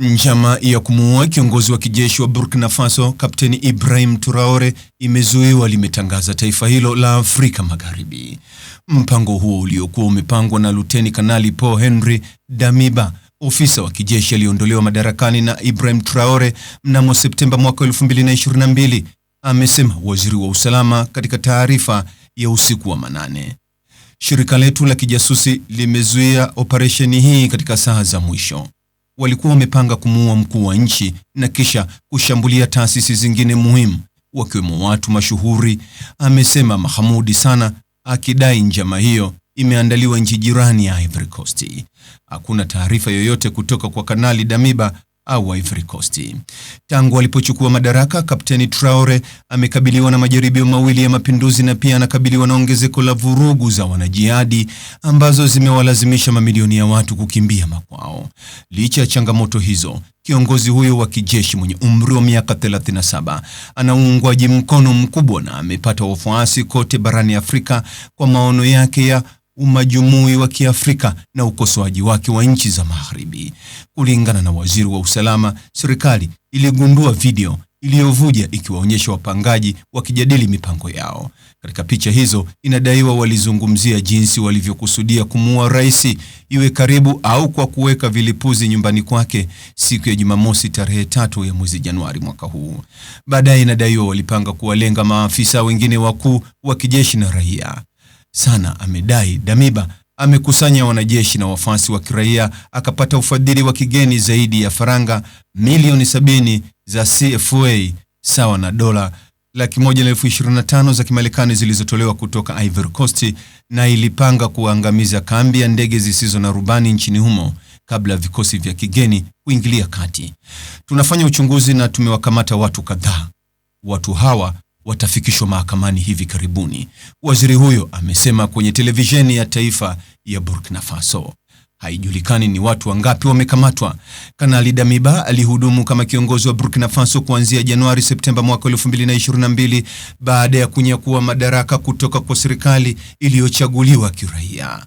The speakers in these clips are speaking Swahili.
Njama ya kumuua kiongozi wa kijeshi wa Burkina Faso Kapteni Ibrahim Traore imezuiwa, limetangaza taifa hilo la Afrika Magharibi. Mpango huo uliokuwa umepangwa na Luteni Kanali Paul henry Damiba, ofisa wa kijeshi aliyeondolewa madarakani na Ibrahim Traore mnamo Septemba mwaka 2022, amesema waziri wa usalama katika taarifa ya usiku wa manane. Shirika letu la kijasusi limezuia operesheni hii katika saa za mwisho walikuwa wamepanga kumuua mkuu wa nchi na kisha kushambulia taasisi zingine muhimu, wakiwemo watu mashuhuri, amesema Mahamudi Sana, akidai njama hiyo imeandaliwa nchi jirani ya Ivory Coast. Hakuna taarifa yoyote kutoka kwa Kanali Damiba au Ivory Coast. Tangu alipochukua madaraka, Kapteni Traore amekabiliwa na majaribio mawili ya mapinduzi na pia anakabiliwa na ongezeko la vurugu za wanajihadi ambazo zimewalazimisha mamilioni ya watu kukimbia makwao. Licha ya changamoto hizo, kiongozi huyo wa kijeshi mwenye umri wa miaka 37 ana uungwaji mkono mkubwa na amepata wafuasi kote barani Afrika kwa maono yake ya umajumui wa Kiafrika na ukosoaji wake wa nchi za Magharibi. Kulingana na waziri wa usalama, serikali iligundua video iliyovuja ikiwaonyesha wapangaji wakijadili mipango yao. Katika picha hizo inadaiwa walizungumzia jinsi walivyokusudia kumuua rais, iwe karibu au kwa kuweka vilipuzi nyumbani kwake siku ya Jumamosi tarehe tatu ya mwezi Januari mwaka huu. Baadaye inadaiwa walipanga kuwalenga maafisa wengine wakuu wa kijeshi na raia sana, amedai Damiba. Amekusanya wanajeshi na wafuasi wa kiraia, akapata ufadhili wa kigeni zaidi ya faranga milioni sabini za CFA sawa na dola laki moja na elfu ishirini na tano za Kimarekani zilizotolewa kutoka Ivory Coast, na ilipanga kuangamiza kambi ya ndege zisizo na rubani nchini humo kabla ya vikosi vya kigeni kuingilia kati. Tunafanya uchunguzi na tumewakamata watu kadhaa. Watu hawa watafikishwa mahakamani hivi karibuni, waziri huyo amesema kwenye televisheni ya taifa ya Burkina Faso. Haijulikani ni watu wangapi wamekamatwa. Kanali Damiba alihudumu kama kiongozi wa Burkina Faso kuanzia Januari Septemba mwaka 2022 baada ya kunyakua madaraka kutoka kwa serikali iliyochaguliwa kiraia.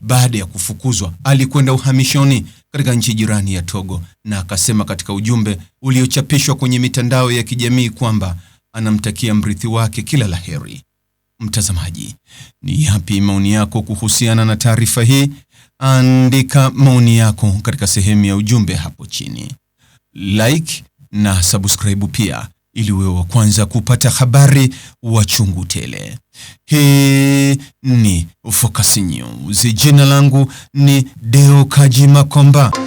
Baada ya kufukuzwa, alikwenda uhamishoni katika nchi jirani ya Togo na akasema katika ujumbe uliochapishwa kwenye mitandao ya kijamii kwamba anamtakia mrithi wake kila laheri. Mtazamaji, ni yapi maoni yako kuhusiana na taarifa hii? Andika maoni yako katika sehemu ya ujumbe hapo chini, like na subscribe pia, ili wewe wa kwanza kupata habari wa chungu tele. Hii ni Focus News. Jina langu ni Deo Kaji Makomba.